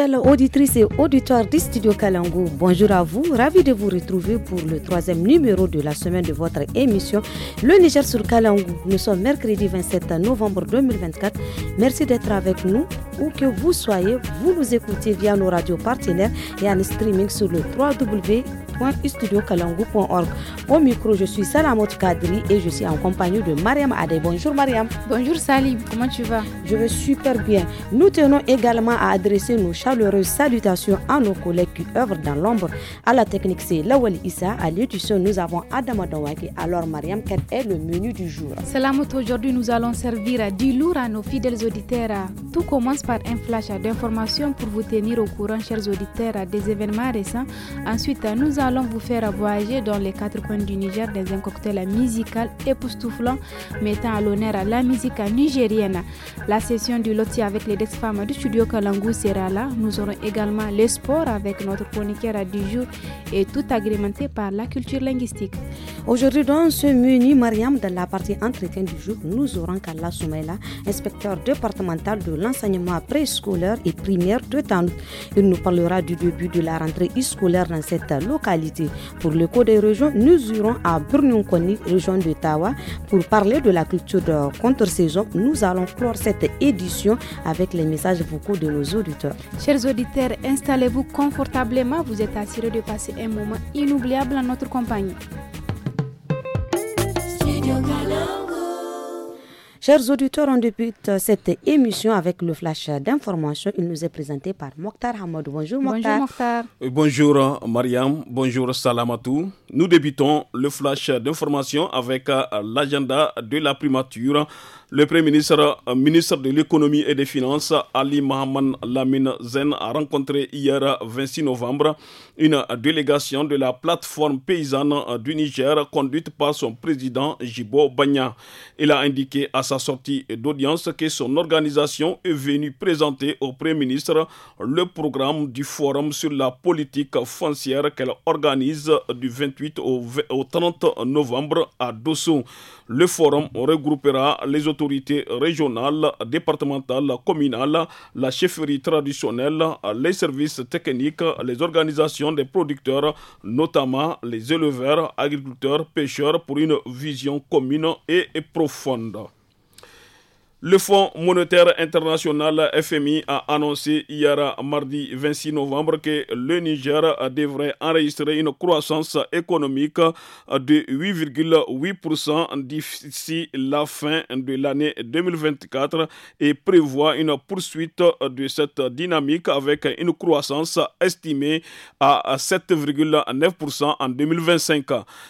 auditrice auditrices et auditeurs du studio Kalangou, bonjour à vous. Ravi de vous retrouver pour le troisième numéro de la semaine de votre émission Le Niger sur Kalangou. Nous sommes mercredi 27 novembre 2024. Merci d'être avec nous. Où que vous soyez, vous nous écoutez via nos radios partenaires et en streaming sur le 3W. Au micro, je suis Salamot Kadri et je suis en compagnie de Mariam Adé. Bonjour Mariam. Bonjour Salim, comment tu vas Je vais super bien. Nous tenons également à adresser nos chaleureuses salutations à nos collègues qui œuvrent dans l'ombre. À la technique, c'est Lawali Issa. À l'édition, nous avons Adam Dawaki. Alors Mariam, quel est le menu du jour Salamot, aujourd'hui nous allons servir du lourd à nos fidèles auditeurs. Tout commence par un flash d'informations pour vous tenir au courant, chers auditeurs, des événements récents. Ensuite, nous allons allons vous faire voyager dans les quatre coins du Niger dans un cocktail musical époustouflant mettant à l'honneur la musique nigérienne. La session du loti avec les Dex femmes du studio Kalangu sera là. Nous aurons également les sports avec notre chroniqueur du jour et tout agrémenté par la culture linguistique. Aujourd'hui, dans ce menu, Mariam, dans la partie entretien du jour, nous aurons Kala Soumela inspecteur départemental de l'enseignement préscolaire et primaire de Tandou. Il nous parlera du début de la rentrée scolaire dans cette localité pour le cours des régions, nous irons à Burnunkoni, région de Tawa, pour parler de la culture de contre-saison. Nous allons clore cette édition avec les messages vocaux de nos auditeurs. Chers auditeurs, installez-vous confortablement. Vous êtes assurés de passer un moment inoubliable en notre compagnie. Chers auditeurs, on débute euh, cette émission avec le flash d'information. Il nous est présenté par Mokhtar Hamad. Bonjour Bonjour Mokhtar. Bonjour euh, euh, Mariam. Bonjour Salamatou. Nous débutons le flash d'information avec l'agenda de la primature le Premier ministre, euh, ministre de l'économie et des finances, Ali Mohamed Lamine Zen, a rencontré hier 26 euh, novembre une délégation de la plateforme paysanne euh, du Niger conduite par son président Jibo Bagna. Il a indiqué à sa sortie d'audience que son organisation est venue présenter au Premier ministre le programme du forum sur la politique foncière qu'elle organise du 28 au 30 novembre à Dosso. Le forum regroupera les autorités régionales, départementales, communales, la chefferie traditionnelle, les services techniques, les organisations des producteurs, notamment les éleveurs, agriculteurs, pêcheurs, pour une vision commune et profonde. Le Fonds monétaire international FMI a annoncé hier mardi 26 novembre que le Niger devrait enregistrer une croissance économique de 8,8% d'ici la fin de l'année 2024 et prévoit une poursuite de cette dynamique avec une croissance estimée à 7,9% en 2025.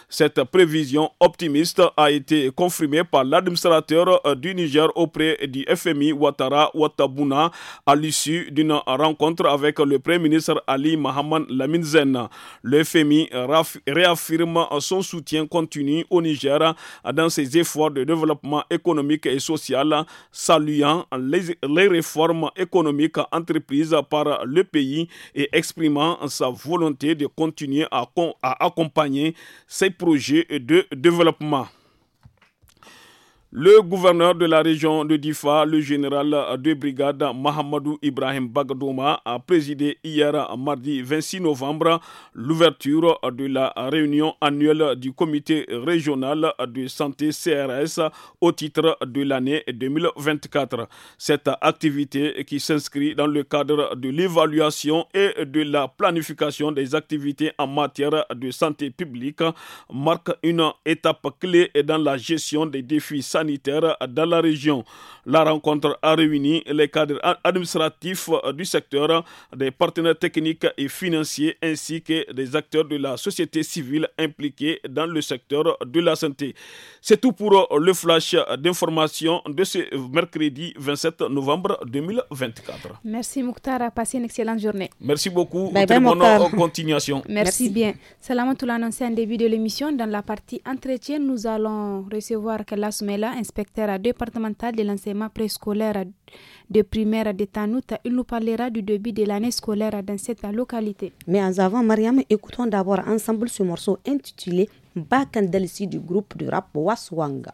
Cette prévision optimiste a été confirmée par l'administrateur du Niger au du FMI Ouattara Ouattabuna à l'issue d'une rencontre avec le Premier ministre Ali Mohamed Laminzen. Le FMI réaffirme son soutien continu au Niger dans ses efforts de développement économique et social, saluant les, réformes économiques entreprises par le pays et exprimant sa volonté de continuer à, à accompagner ses projets de développement. Le gouverneur de la région de Difa, le général de brigade Mahamadou Ibrahim Bagdouma, a présidé hier mardi 26 novembre l'ouverture de la réunion annuelle du comité régional de santé CRS au titre de l'année 2024. Cette activité qui s'inscrit dans le cadre de l'évaluation et de la planification des activités en matière de santé publique marque une étape clé dans la gestion des défis sanitaires sanitaire dans la région. La rencontre a réuni les cadres administratifs euh, du secteur, des partenaires techniques et financiers ainsi que des acteurs de la société civile impliqués dans le secteur de la santé. C'est tout pour euh, le flash d'information de ce mercredi 27 novembre 2024. Merci Moukhtara, passez une excellente journée. Merci beaucoup. bonne euh, continuation. Merci, bien. bien. tout annoncé en début de l'émission. Dans la partie entretien, nous allons recevoir Kalas Mela inspecteur départemental de l'enseignement préscolaire de primaire de Tanuta. Il nous parlera du début de l'année scolaire dans cette localité. Mais en avant, Mariam, écoutons d'abord ensemble ce morceau intitulé si du groupe de rap Waswanga.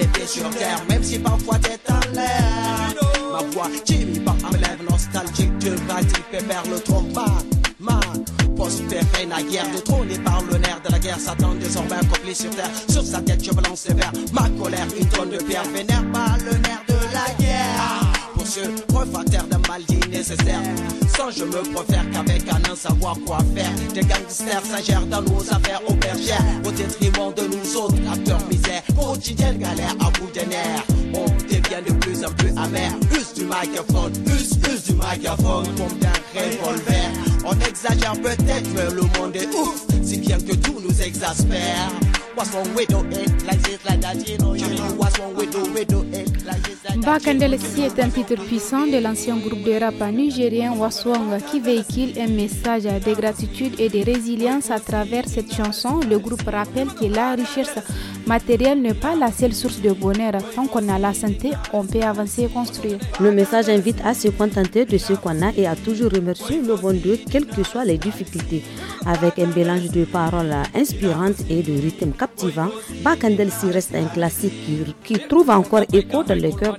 les pieds sur terre, même si parfois t'es en l'air. Ma voix, Jimmy par me lève nostalgique, tu vas faire le trompa. Ma prospérer la guerre, de par le nerf de la guerre, Satan désormais accompli sur terre. Sur sa tête, je balance verres. ma colère, une tonne de pierre, vénère par le nerf de la guerre. Pour ce nécessaire. Sans je me préfère qu'avec un savoir quoi faire. Des gangsters s'ingèrent dans nos affaires bergère Au détriment de nous autres, acteurs misères. Quotidienne galère à bout de nerfs. On devient de plus en plus amer. Use du microphone, use, use du microphone. Comme d'un revolver. On exagère peut-être, mais le monde est ouf. Si bien que tout nous exaspère. What's wrong with the Like this, like that, you know, you What's wrong with the, si est un titre puissant de l'ancien groupe de rap nigérien Waswang qui véhicule un message de gratitude et de résilience à travers cette chanson. Le groupe rappelle que la richesse matérielle n'est pas la seule source de bonheur. Tant qu'on a la santé, on peut avancer et construire. Le message invite à se contenter de ce qu'on a et à toujours remercier le bon Dieu, quelles que soient les difficultés. Avec un mélange de paroles inspirantes et de rythmes captivants, Si reste un classique qui, qui trouve encore écho dans le cœur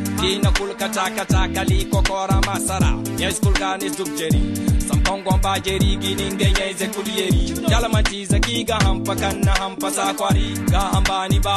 Kina kulka chaka taka liko kora masara Nyais kulgane stupjeri Sampon gwamba jeri ginin ganye ze kuliyeri Jalamanti zakiga hampa kanna hampa sakwari Ga hambani ba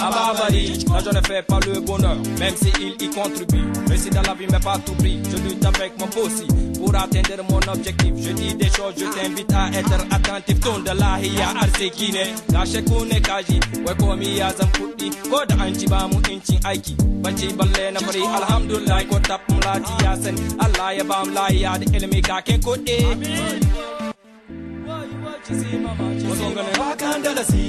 à Bavary. Là, je ne fais pas le bonheur, même si il y contribue. Mais si dans la vie, mais pas tout prix. Je lutte avec mon possi pour atteindre mon objectif. Je dis des choses, je t'invite à être attentif. Ton de la hiya arsekine, lâche kune kaji, we komi ya zamputi, ko da anci ba mu aiki. un balle na fari, alhamdulillah kota tap mu Allah ya bam la ya de mu laya da ilimi kakin kuɗi. Wasu ganin si,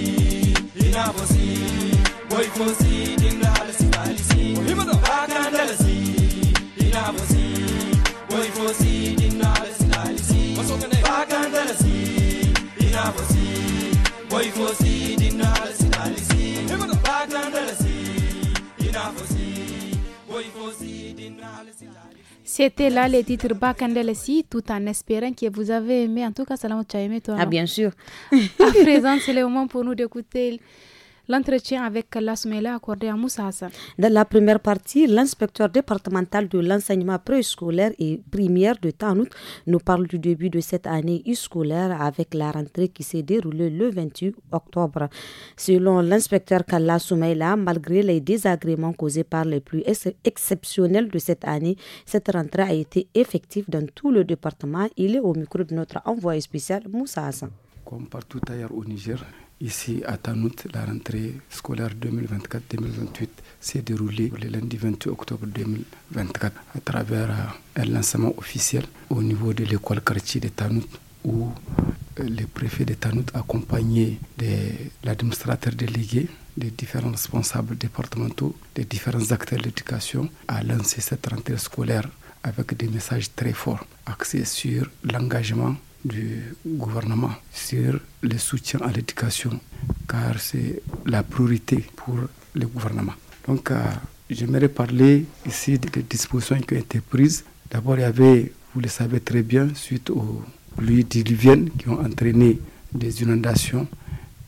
c'était là les titres si » tout en espérant que vous avez aimé. En tout cas, Salam, tu as aimé toi. Ah, bien sûr. à présent, c'est le moment pour nous d'écouter. L'entretien avec l'ASMELA accordé à Moussa Hassan. Dans la première partie, l'inspecteur départemental de l'enseignement préscolaire et primaire de Tanout nous parle du début de cette année scolaire avec la rentrée qui s'est déroulée le 28 octobre. Selon l'inspecteur Kalla Soumeila, malgré les désagréments causés par les pluies exceptionnels exceptionnelles de cette année, cette rentrée a été effective dans tout le département. Il est au micro de notre envoyé spécial Moussa Hassan. Comme partout ailleurs au Niger, Ici, à Tanout, la rentrée scolaire 2024-2028 s'est déroulée le lundi 28 octobre 2024 à travers euh, un lancement officiel au niveau de l'école quartier de Tanout où euh, le préfet de Tanout accompagné de l'administrateur délégué, des différents responsables départementaux, des différents acteurs de l'éducation a lancé cette rentrée scolaire avec des messages très forts axés sur l'engagement du gouvernement sur le soutien à l'éducation, car c'est la priorité pour le gouvernement. Donc, euh, j'aimerais parler ici des dispositions qui ont été prises. D'abord, il y avait, vous le savez très bien, suite aux pluies diluviennes qui ont entraîné des inondations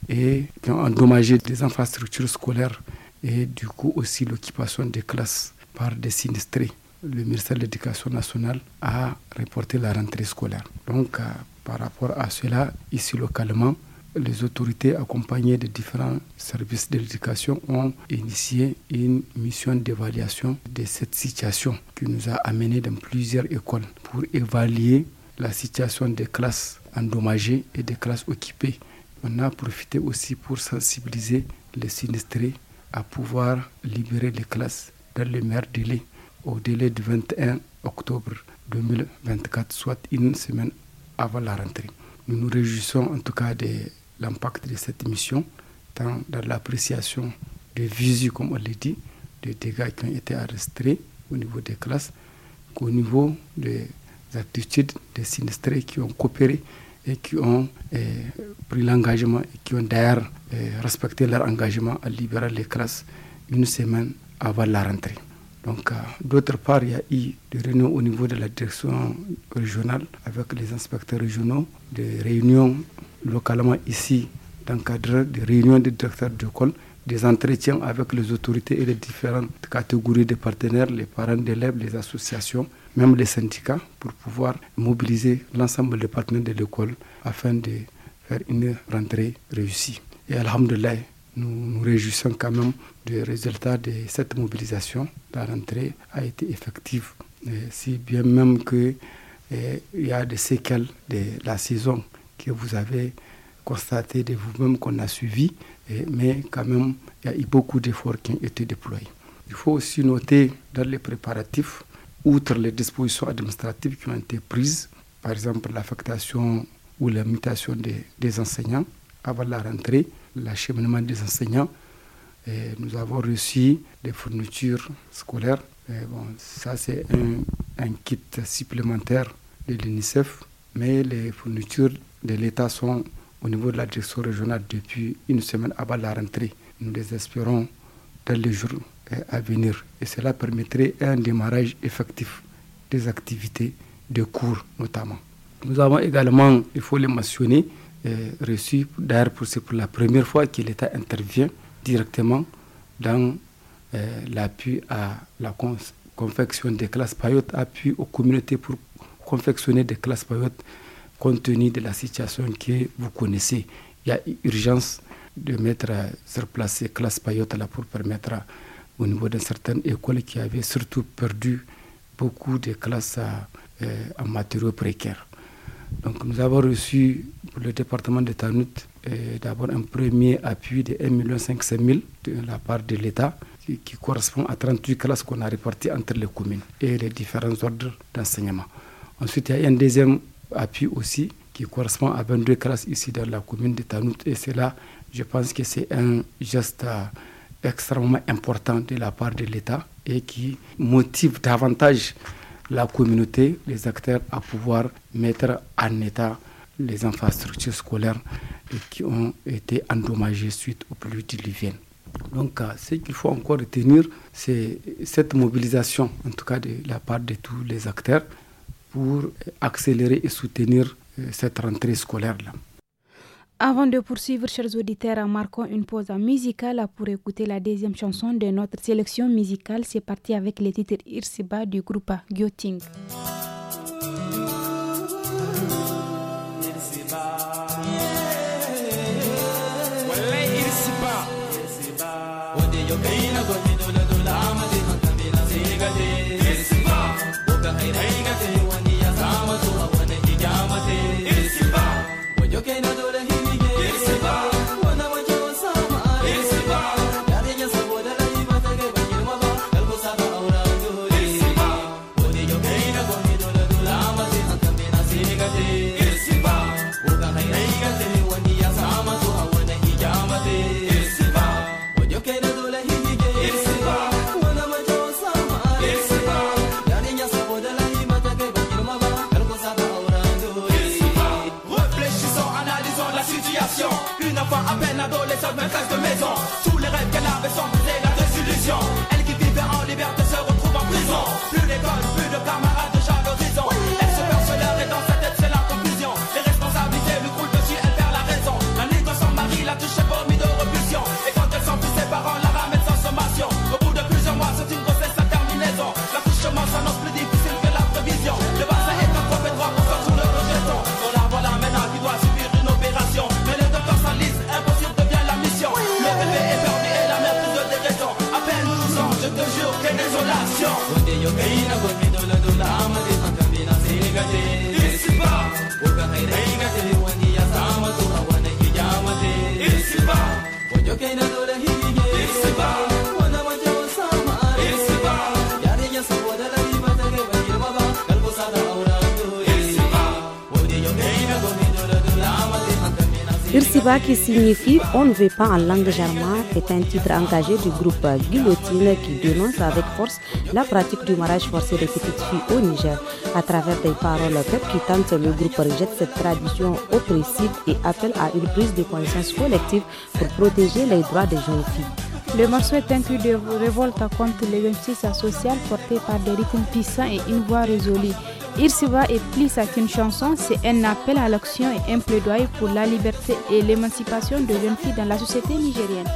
et qui ont endommagé des infrastructures scolaires et du coup aussi l'occupation des classes par des sinistrés le ministère de l'Éducation nationale a reporté la rentrée scolaire. Donc, euh, par rapport à cela, ici localement, les autorités accompagnées de différents services de l'éducation ont initié une mission d'évaluation de cette situation qui nous a amené dans plusieurs écoles pour évaluer la situation des classes endommagées et des classes occupées. On a profité aussi pour sensibiliser les sinistrés à pouvoir libérer les classes dans le meilleur délai au délai du 21 octobre 2024, soit une semaine avant la rentrée. Nous nous réjouissons en tout cas de l'impact de cette mission, tant dans l'appréciation de visu, comme on l'a dit, des dégâts qui ont été arrestés au niveau des classes, qu'au niveau des attitudes des sinistrés qui ont coopéré et qui ont eh, pris l'engagement et qui ont d'ailleurs eh, respecté leur engagement à libérer les classes une semaine avant la rentrée. Donc, euh, d'autre part, il y a eu des réunions au niveau de la direction régionale avec les inspecteurs régionaux, des réunions localement ici, dans le des réunions des directeurs d'école, des entretiens avec les autorités et les différentes catégories de partenaires, les parents d'élèves, les associations, même les syndicats, pour pouvoir mobiliser l'ensemble des partenaires de l'école afin de faire une rentrée réussie. Et Alhamdulillah, nous nous réjouissons quand même du résultat de cette mobilisation. La rentrée a été effective, si bien même qu'il eh, y a des séquelles de la saison que vous avez constaté de vous-même qu'on a suivi, eh, mais quand même, il y a eu beaucoup d'efforts qui ont été déployés. Il faut aussi noter dans les préparatifs, outre les dispositions administratives qui ont été prises, par exemple l'affectation ou la mutation des enseignants avant la rentrée, l'acheminement des enseignants. nous avons reçu des fournitures scolaires. bon, ça, c'est un, un, kit supplémentaire de l'UNICEF. Mais les fournitures de l'État sont au niveau de la direction régionale depuis une semaine avant la rentrée. Nous les espérons dans les jours euh, à venir. Et cela permettrait un démarrage effectif des activités de cours notamment. Nous avons également, il faut le mentionner, euh, reçu, d'ailleurs pour, c'est pour la première fois que l'État intervient directement dans euh, l'appui à la confection des classes payotes, appui aux communautés pour confectionner des classes payotes compte tenu de la situation que vous connaissez. Il y a urgence de mettre euh, sur place ces classes payotes là pour permettre au niveau de certain école qui avait surtout perdu beaucoup de classes en matériaux précaires. Donc nous avons reçu pour le département de Tanout, d'abord un premier appui de 1,5 million de la part de l'État qui, correspond à 38 classes qu'on a réparties entre les communes et les différents ordres d'enseignement. Ensuite, il y a un deuxième appui aussi qui correspond à 22 classes ici dans la commune de Tanout et c'est là, je pense que c'est un geste extrêmement important de la part de l'État et qui motive davantage la communauté, les acteurs à pouvoir mettre en état les infrastructures scolaires qui ont été endommagées suite aux pluies diluviennes. Donc, euh, ce qu'il faut encore retenir, c'est cette mobilisation, en tout cas de la part de tous les acteurs, pour accélérer et soutenir euh, cette rentrée scolaire-là. Avant de poursuivre, chers auditeurs, marquant une pause musicale pour écouter la deuxième chanson de notre sélection musicale. C'est parti avec le titre Irsiba du groupe Gyoting. Ce qui signifie On ne veut pas en langue germane » est un titre engagé du groupe Guillotine qui dénonce avec force la pratique du mariage forcé des petites filles au Niger. À travers des paroles qui percutantes, le groupe rejette cette tradition oppressive et appelle à une prise de conscience collective pour protéger les droits des jeunes filles. Le morceau est un cri de révolte contre les injustices sociales par des rythmes puissants et une voix résolue voit est plus qu'une chanson, c'est un appel à l'action et un plaidoyer pour la liberté et l'émancipation de jeunes filles dans la société nigérienne.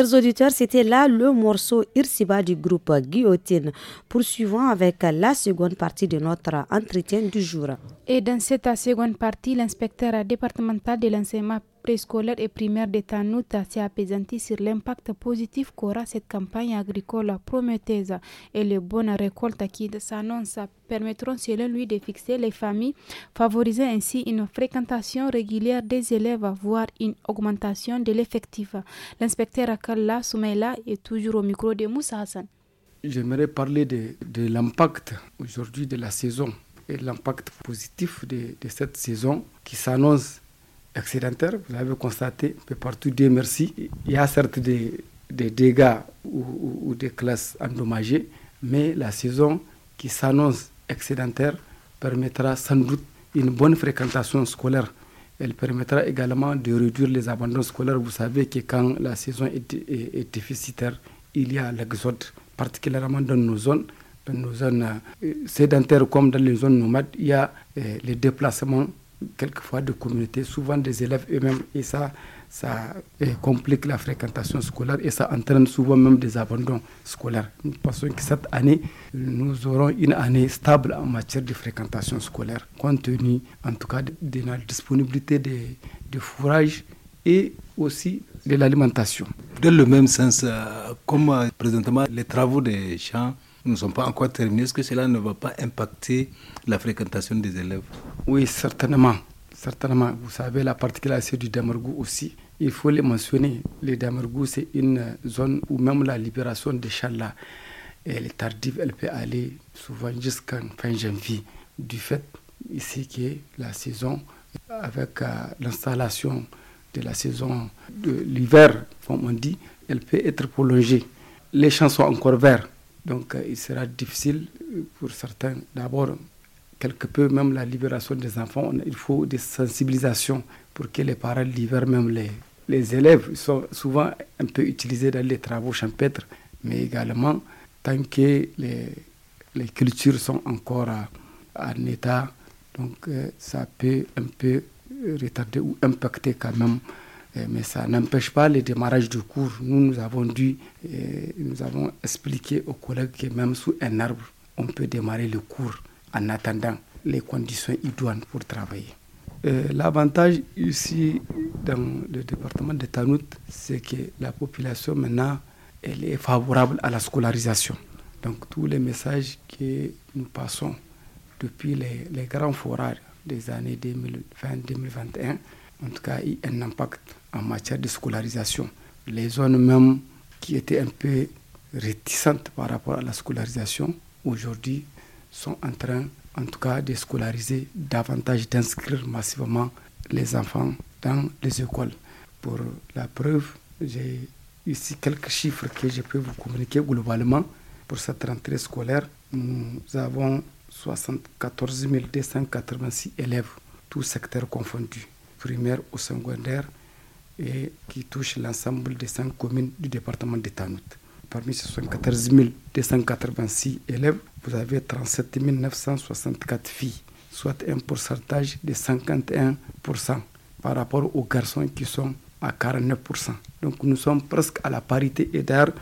Chers auditeurs, c'était là le morceau Irsiba du groupe Guillotine. Poursuivons avec la seconde partie de notre entretien du jour. Et dans cette seconde partie, l'inspecteur départemental de l'enseignement préscolaire et primaire de Tanouta s'est apaisanté sur l'impact positif qu'aura cette campagne agricole prometteuse et les bonnes récoltes qui s'annoncent permettront selon lui de fixer les familles, favorisant ainsi une fréquentation régulière des élèves, voire une augmentation de l'effectif. L'inspecteur Akalla Soumeila est toujours au micro de Moussa Hassan. J'aimerais parler de, l'impact aujourd'hui de la saison et l'impact positif de, de cette saison qui s'annonce Excédentaire, Vous avez constaté, partout, des merci. Il y a certes des, dégâts ou, des classes endommagées, mais la saison qui s'annonce excédentaire permettra sans doute une bonne fréquentation scolaire. Elle permettra également de réduire les abandons scolaires. Vous savez que quand la saison est, est déficitaire, il y a l'exode, particulièrement dans nos zones dans nos zones euh, sédentaires comme dans les zones nomades, il y a euh, les déplacements quelquefois de communautés, souvent des élèves eux-mêmes, et ça, ça eh, complique la fréquentation scolaire et ça entraîne souvent même des abandons scolaires. Nous pensons que cette année, nous aurons une année stable en matière de fréquentation scolaire, compte tenu en tout cas de, la disponibilité des de fourrage et aussi de l'alimentation. Dans le même sens, euh, comme euh, présentement les travaux des champs nous ne sommes pas encore terminés. Est-ce que cela ne va pas impacter la fréquentation des élèves Oui, certainement. Certainement. Vous savez, la particularité du Damargou aussi, il faut le mentionner. Le Damargou, c'est une zone où même la libération des Challah, elle est tardive, elle peut aller souvent jusqu'à fin janvier. Du fait ici que la saison, avec euh, l'installation de la saison de l'hiver, comme on dit, elle peut être prolongée. Les champs sont encore verts donc euh, il sera difficile euh, pour certains, d'abord, quelque peu même la libération des enfants, il faut des sensibilisations pour que les parents libèrent même les, élèves. élèves. sont souvent un peu utilisés dans les travaux champêtres, mais également tant que les, les cultures sont encore en état, donc euh, ça peut un peu retarder ou impacter quand même euh, mais ça n'empêche pas le démarrage du cours. Nous, nous avons dû, euh, nous avons expliqué aux collègues que même sous un arbre, on peut démarrer le cours en attendant les conditions idoines pour travailler. Euh, l'avantage ici dans le département de Tanout, c'est que la population maintenant, elle est favorable à la scolarisation. Donc tous les messages que nous passons depuis les, grands forages des années 2020-2021, en tout cas, un impact en matière de scolarisation. Les zones même qui étaient un peu réticentes par rapport à la scolarisation, aujourd'hui sont en train, en tout cas, de scolariser davantage, d'inscrire massivement les enfants dans les écoles. Pour la preuve, j'ai ici quelques chiffres que je peux vous communiquer globalement. Pour cette rentrée scolaire, nous avons 74 286 élèves, tous secteurs confondus, primaire ou secondaire, et qui touche l'ensemble des cinq communes du département de Tanout. Parmi ces 74 286 élèves, vous avez 37 964 filles, soit un pourcentage de 51% par rapport aux garçons qui sont à 49%. Donc nous sommes presque à la parité et d'ailleurs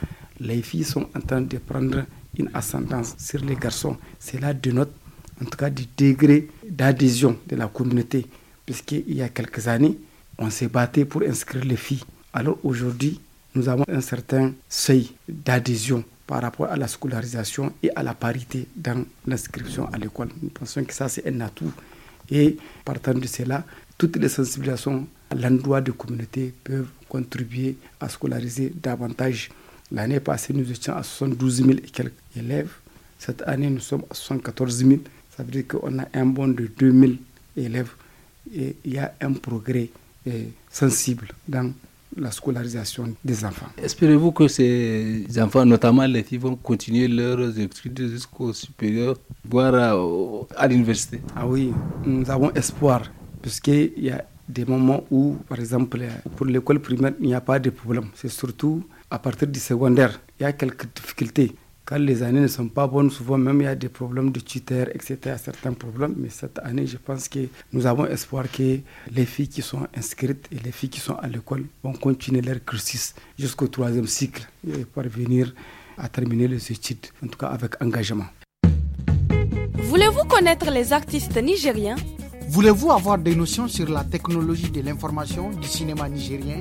les filles sont en train de prendre une ascendance sur les garçons. Cela dénote en tout cas du degré d'adhésion de la communauté, puisqu'il y a quelques années, on s'est battu pour inscrire les filles. Alors aujourd'hui, nous avons un certain seuil d'adhésion par rapport à la scolarisation et à la parité dans l'inscription à l'école. Nous pensons que ça, c'est un atout. Et partant de cela, toutes les sensibilisations à l'endroit de communauté peuvent contribuer à scolariser davantage. L'année passée, nous étions à 72 000 et quelques élèves. Cette année, nous sommes à 74 000. Ça veut dire qu'on a un bond de 2 000 élèves et il y a un progrès sensible dans la scolarisation des enfants. Espérez-vous que ces enfants, notamment les filles, vont continuer leurs études jusqu'au supérieur, voire à, l'université Ah oui, nous avons espoir, puisqu'il y a des moments où, par exemple, pour l'école primaire, il n'y a pas de problème. C'est surtout à partir du secondaire, il y a quelques difficultés. Quand les années ne sont pas bonnes, souvent même il y a des problèmes de tuteurs, etc., certains problèmes. Mais cette année, je pense que nous avons espoir que les filles qui sont inscrites et les filles qui sont à l'école vont continuer leur cursus jusqu'au troisième cycle et parvenir à terminer les études, en tout cas avec engagement. Voulez-vous connaître les artistes nigériens Voulez-vous avoir des notions sur la technologie de l'information du cinéma nigérien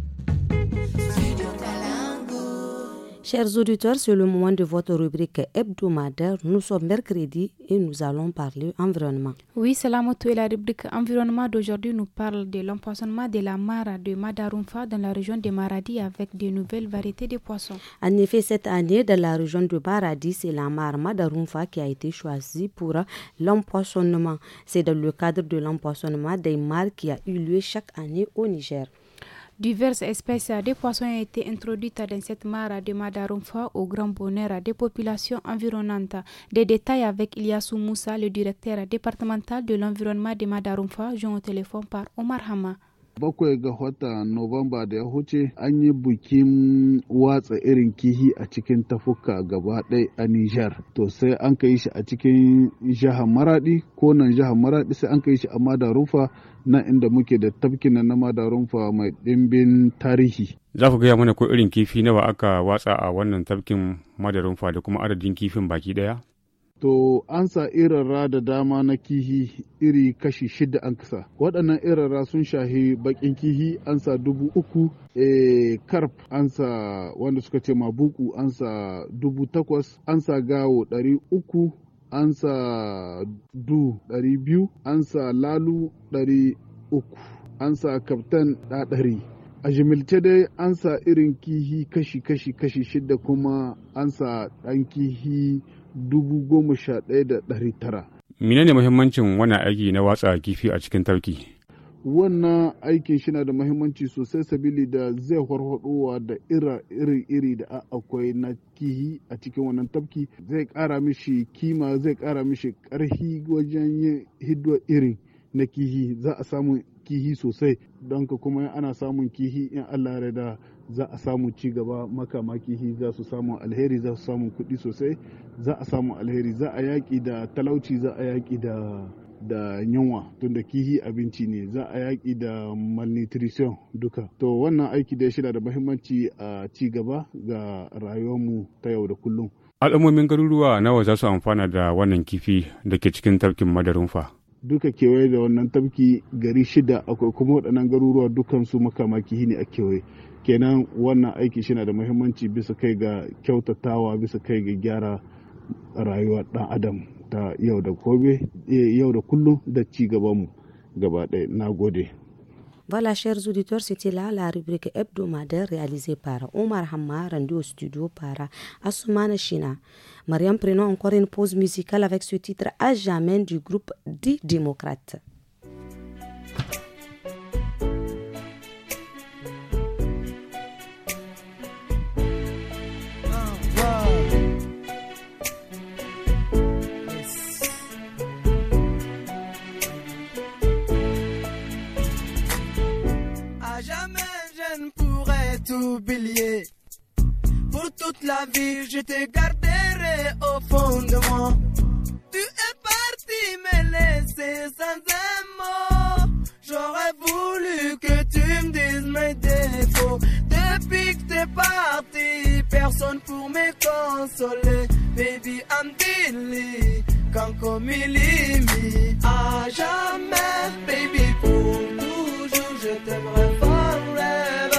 Chers auditeurs, c'est le moment de votre rubrique hebdomadaire. Nous sommes mercredi et nous allons parler environnement. Oui, c'est la moto et la rubrique environnement d'aujourd'hui nous parle de l'empoisonnement de la mare de Madarumfa dans la région de Maradi avec de nouvelles variétés de poissons. En effet, cette année, dans la région de Maradi, c'est la mare Madarumfa qui a été choisie pour l'empoisonnement. C'est dans le cadre de l'empoisonnement des mares qui a eu lieu chaque année au Niger. Diverses espèces de poissons ont été introduites dans cette mare de Madarumfa au grand bonheur des populations environnantes. Des détails avec Ilyassou Moussa, le directeur départemental de l'environnement de Madarumfa, joint au téléphone par Omar Hama. bakwai ga watan Nuwamba da ya huce an yi bikin watsa irin kihi a cikin tafuka gaba ɗaya a Nijar. To sai an yi shi a cikin jihar maraɗi ko nan jihar maraɗi sai an ka yi shi a Madarufa na inda muke da tafkin na Madarufa mai ɗimbin tarihi. Za ku gaya mana ko irin kifi nawa aka watsa a wannan tafkin Madarufa da kuma adadin kifin baki ɗaya? to an sa irara da dama na kihi iri kashi shida an kasa waɗannan irara sun shahi bakin kihi an sa dubu uku e, karp an sa wanda suka ce mabuku an sa dubu takwas an sa gawo ɗari uku an sa du ɗari biyu an sa lalu ɗari uku an sa kaftan ɗaɗari a jimilce dai an sa irin kihi kashi kashi kashi shida kuma an sa ɗan kihi dubu goma sha ɗaya da ɗari tara. menene ne muhimmancin wannan aiki na watsa kifi a cikin tarki? Wannan aikin shi na da muhimmanci sosai sabili da zai warhaɗowa da ira iri-iri da akwai na kihi a cikin wannan tafki zai ƙara mishi kima zai ƙara mishi ƙarfi wajen yin hiddo irin na kihi za a samu kihi sosai don ka kuma ana samun kihi in Allah da za a samu ci gaba makama kihi za su samu alheri za su samu kuɗi sosai za a samu alheri za a yaƙi da talauci za a yaƙi da da yunwa tunda kihi abinci ne za a yaƙi da malnutrition duka to wannan aiki da shida da mahimmanci a ci gaba ga rayuwar mu ta yau da kullum al'ummomin garuruwa nawa za su amfana da wannan kifi da ke cikin tafkin madarunfa. duka kewaye da wannan tabki gari shida akwai kuma waɗannan garuruwa dukansu makamaki ne a kewaye kenan wannan aiki shina da muhimmanci bisa kai ga kyautatawa bisa kai ga gyara rayuwar ɗan adam ta yau da eh, yau da kullum da ci gabanmu gaba ɗaya na gode Voilà, chers auditeurs, c'était là la rubrique hebdomadaire réalisée par Omar Hammar, rendue au studio par Asumana China. Mariam, prenons encore une pause musicale avec ce titre à du groupe d démocrates. Pour toute la vie, je te garderai au fond de moi. Tu es parti me laisser sans un mot. J'aurais voulu que tu me dises mes défauts. Depuis que t'es parti, personne pour me consoler. Baby, I'm dilly, quand comme il À jamais, baby, pour toujours, je t'aimerai forever.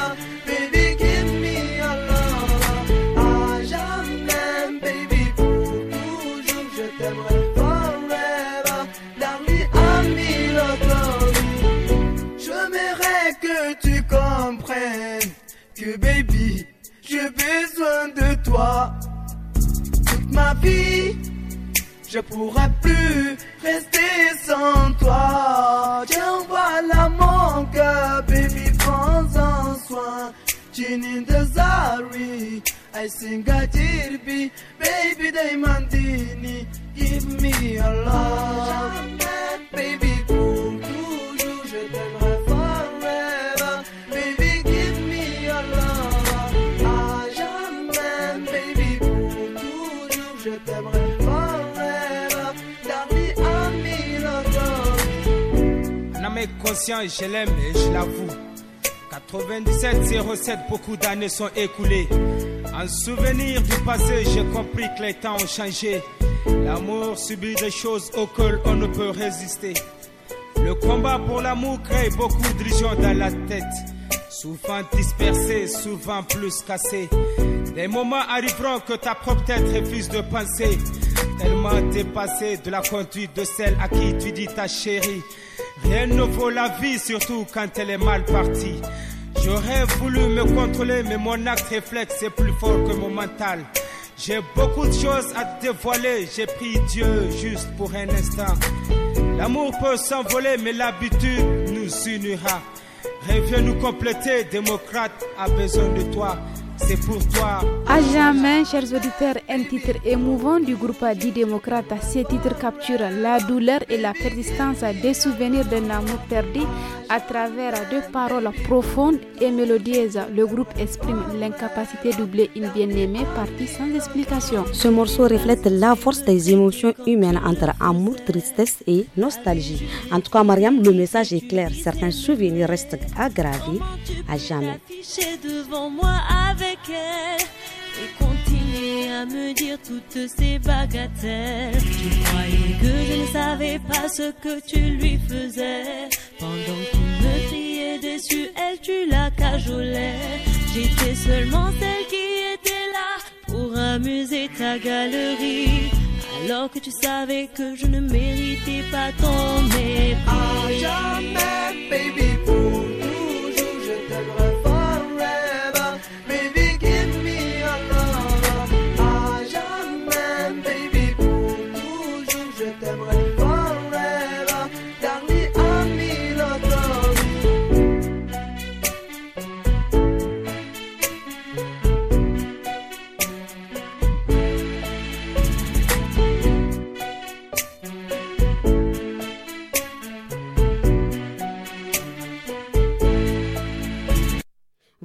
de toi. Toute ma vie, je pourrais plus rester sans toi. Tiens, voilà mon cœur, baby, prends-en soin. the Zari I sing a dirby, baby, they Give me a love, baby, je l'aime et je l'avoue. 97-07, beaucoup d'années sont écoulées. En souvenir du passé, j'ai compris que les temps ont changé. L'amour subit des choses auxquelles on ne peut résister. Le combat pour l'amour crée beaucoup de régions dans la tête. Souvent dispersées, souvent plus cassées Des moments arriveront que ta propre tête refuse de penser. Tellement dépassé de la conduite de celle à qui tu dis ta chérie. Rien ne vaut la vie, surtout quand elle est mal partie. J'aurais voulu me contrôler, mais mon acte réflexe est plus fort que mon mental. J'ai beaucoup de choses à dévoiler, j'ai pris Dieu juste pour un instant. L'amour peut s'envoler, mais l'habitude nous unira. Reviens nous compléter, démocrate a besoin de toi c'est pour toi. À jamais, chers auditeurs, un titre émouvant du groupe Adi démocrate. Ces titres capture la douleur et la persistance des souvenirs d'un amour perdu à travers deux paroles profondes et mélodieuses. Le groupe exprime l'incapacité d'oublier une bien-aimée partie sans explication. Ce morceau reflète la force des émotions humaines entre amour, tristesse et nostalgie. En tout cas, Mariam, le message est clair. Certains souvenirs restent aggravés à jamais et continuer à me dire toutes ces bagatelles. Tu croyais que je ne savais pas ce que tu lui faisais. Pendant tu me criait déçu, elle, tu la cajolais. J'étais seulement celle qui était là pour amuser ta galerie. Alors que tu savais que je ne méritais pas ton mépris. Ah, jamais, baby.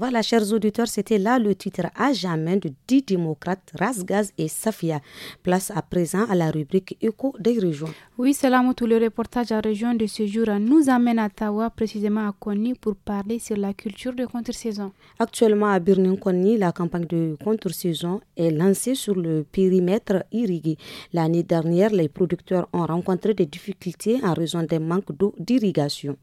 Voilà, chers auditeurs, c'était là le titre à jamais de 10 démocrates, Rasgaz et Safia. Place à présent à la rubrique Éco des régions. Oui, cela tout le reportage à région de ce jour nous amène à Tawa, précisément à Konni, pour parler sur la culture de contre-saison. Actuellement, à birnin koni la campagne de contre-saison est lancée sur le périmètre irrigué. L'année dernière, les producteurs ont rencontré des difficultés en raison des manques d'eau d'irrigation.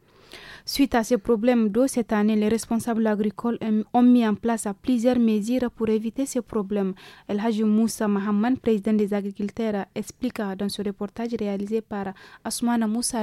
Suite à ces problèmes d'eau, cette année, les responsables agricoles ont mis en place plusieurs mesures pour éviter ces problèmes. El Haji Moussa Mahamman, président des agriculteurs, expliqua dans ce reportage réalisé par Asmana Moussa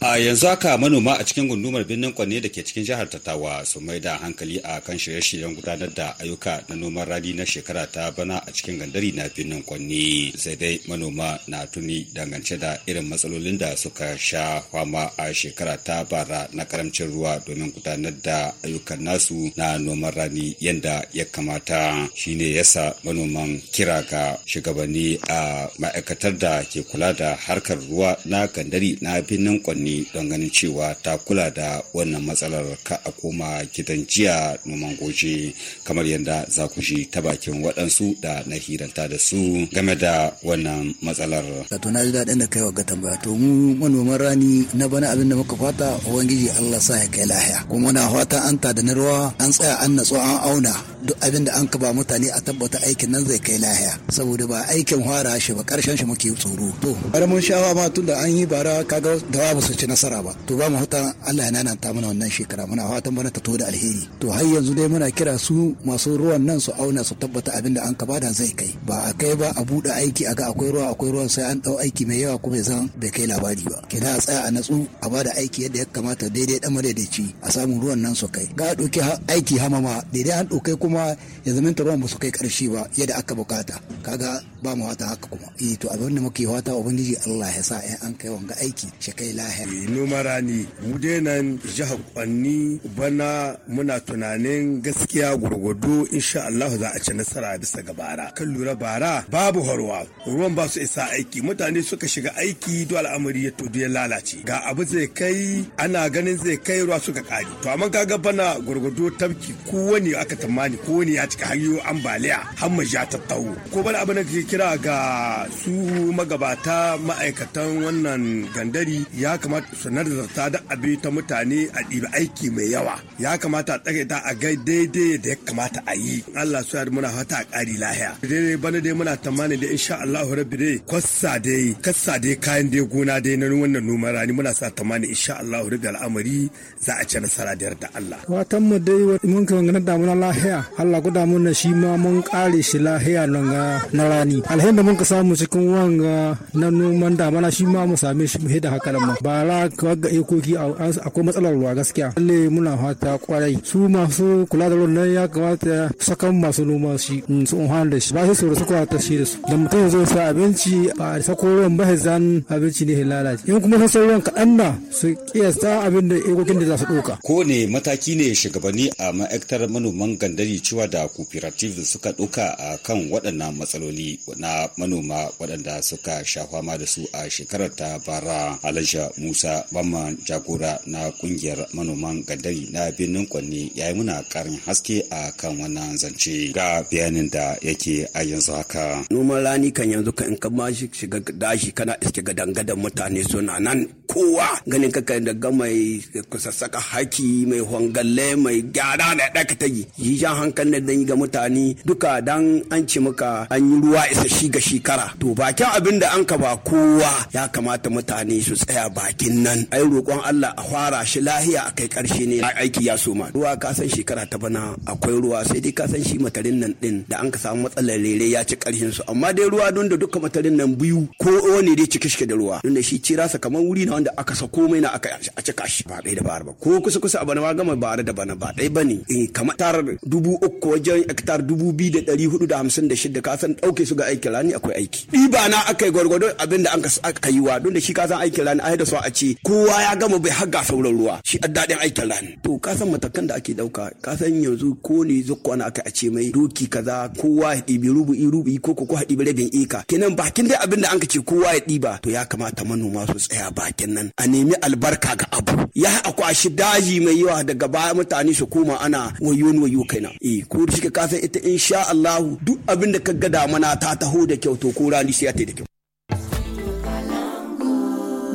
a yanzu haka manoma a cikin gundumar birnin kwanne da ke cikin jihar tattawa su mai da hankali a kan shirye-shiryen gudanar da ayyuka na noman rani na shekara ta bana a cikin gandari na birnin kwanne sai dai manoma na tuni dangance da irin matsalolin da suka sha fama a shekara ta bara na karamcin ruwa domin gudanar da ayyukan nasu na noman rani yadda ya kamata shine yasa manoman kira ga shugabanni a ma'aikatar da ke kula da harkar ruwa na gandari na birnin kwanne rahotanni don ganin cewa ta kula da wannan matsalar ka a koma gidan jiya noman goje kamar yadda za ku ji ta bakin waɗansu da na hiranta da su game da wannan matsalar. Wato na ji daɗin da kai wa tambaya to mu manoman rani na bana abin da muka fata ubangiji Allah sa ya kai lahiya kuma na fata an ta da na ruwa an tsaya an natsu an auna duk abin da an kaba mutane a tabbata aikin nan zai kai lahiya saboda ba aikin fara shi ba karshen shi muke tsoro to bara mun sha tun da an yi bara kaga dawa ba su su ci nasara ba to ba mu Allah ya nananta mana wannan shekara muna fatan bana ta to da alheri to har yanzu dai muna kira su masu ruwan nan su auna su tabbata abin da an ka bada zai kai ba a kai ba a bude aiki a ga akwai ruwa akwai ruwan sai an dau aiki mai yawa kuma zan bai kai labari ba kina a tsaya a natsu a bada aiki yadda ya kamata daidai dan madaidaici a samu ruwan nan su kai ga doki aiki ma daidai an dokai kuma ya zamanta ruwan ba su kai karshe ba yadda aka bukata kaga ba mu wata haka kuma eh to abin da muke wata ubangiji Allah ya sa in an kai wanga aiki shi kai noman rani mu jihar kwanni bana muna tunanin gaskiya gwargwado insha Allah za a ci nasara bisa ga bara kan lura bara babu horwa ruwan ba su isa aiki mutane suka shiga aiki duk al'amari ya to ya lalace ga abu zai kai ana ganin zai kai ruwa suka kare to amma kaga bana gwargwado tabki ko wani aka tamani ko wani ya cika hanyo ambaliya har mu ja tattawo ko bana abu na kira ga su magabata ma'aikatan wannan gandari ya kama. kamata su nazarta da abi ta mutane a ɗibi aiki mai yawa ya kamata a ta a gai daidai da ya kamata a yi Allah su muna fata a ƙari lahiya daidai bana dai muna tamanin da insha Allah rabbi dai kwassa dai kassa dai kayan dai gona dai na wannan noma rani muna sa tamanin insha Allah rabbi al'amari za a ci nasara da yarda Allah watan mu dai mun kan ganin damuna lahiya Allah guda mun shi ma mun ƙare shi lahiya nan ga na rani alhin da mun ka samu cikin wanga na noman damuna shi ma mu same shi mu hida haka ba Ala ka ga ikoki akwai matsalar ruwa gaskiya lalle muna fata kwarai su masu kula da ruwan nan ya kamata sakan masu noma shi mm, su unhan da shi ba sai su rasu kwata shi da su da mutum zo sa abinci ba a sako ruwan ba zan abinci ne lalace in kuma sassan ruwan kaɗan na su kiyasta abin da ikokin da za su ɗauka. ko ne mataki ne shugabanni a ma'aikatar manoman gandari cewa da cooperative suka ɗauka a kan waɗannan matsaloli na manoma waɗanda suka sha fama da su a shekarar ta bara alasha mu musa bamma jagora na kungiyar manoman gaddari na birnin kwanne ya yi muna karin haske a kan wannan zance ga bayanin da yake a yanzu haka noman rani kan yanzu ka in ka ma shiga dashi kana iske gadan gadan mutane suna nan kowa ganin kai daga mai saka haki mai hongalle mai gyara da daka ta yi jijan hankalin da ga mutane duka dan an ci maka an yi ruwa isa shi ga shekara to bakin abin da an ka ba kowa ya kamata mutane su tsaya baki aikin nan ai roƙon Allah a fara shi lahiya a kai ƙarshe ne aiki ya soma ruwa ka san shekara ta bana akwai ruwa sai dai ka san shi matarin nan din da an ka samu matsalar rere ya ci ƙarshen su amma dai ruwa don da duka matarin nan biyu ko wani dai ciki shike da ruwa don da shi cira sa kamar wuri na wanda aka sa komai na aka a cika shi ba ɗaya da bara ba ko kusa kusa a bana ma gama bara da bana ba ɗaya ba ne eh, kamar tar dubu uku wajen hektar dubu biyu da ɗari hudu da hamsin da shida ka san ɗauke su ga aikin rani akwai aiki ɗiba na aka yi gwargwado abin da an ka yi wa don da shi ka san aikin rani a da su a ce kowa ya gama bai haga sauran ruwa shi a daɗin aikin rani to ka san matakan da ake ɗauka ka san yanzu ko ne zuku ana aka ce mai doki kaza kowa ya ɗibi rubu'i rubu'i ko ko ha ɗibi rabin eka kenan bakin dai abin da an ka ce kowa ya ɗiba to ya kamata manoma su tsaya bakin nan a nemi albarka ga abu ya a shi daji mai yawa daga baya mutane su koma ana wayo wayo kaina eh ko shi ka san ita insha Allah duk abin da ka ga damana ta taho da kyau to ko rani sai ya ta da kyau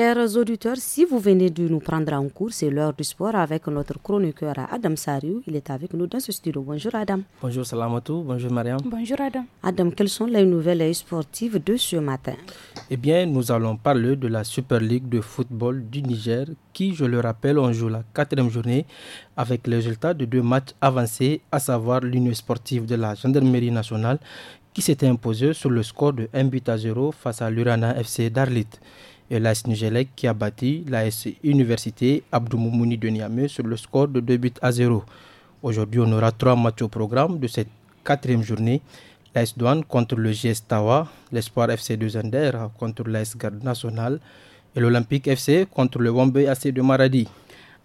Chers auditeurs, si vous venez de nous prendre en cours, c'est l'heure du sport avec notre chroniqueur Adam Sariou. Il est avec nous dans ce studio. Bonjour Adam. Bonjour Salamatou, bonjour Mariam. Bonjour Adam. Adam, quelles sont les nouvelles sportives de ce matin Eh bien, nous allons parler de la Super League de football du Niger qui, je le rappelle, en joue la quatrième journée avec les résultats de deux matchs avancés, à savoir l'Union sportive de la Gendarmerie nationale qui s'était imposée sur le score de 1 but à 0 face à l'Urana FC d'Arlit et l'AS Nigelek qui a battu l'AS Université Abdou de Niamey sur le score de 2 buts à 0. Aujourd'hui, on aura trois matchs au programme de cette quatrième journée. L'AS Douane contre le GS Tawa, l'Espoir FC de Zender contre l'AS Garde Nationale et l'Olympique FC contre le Wambé AC de Maradi.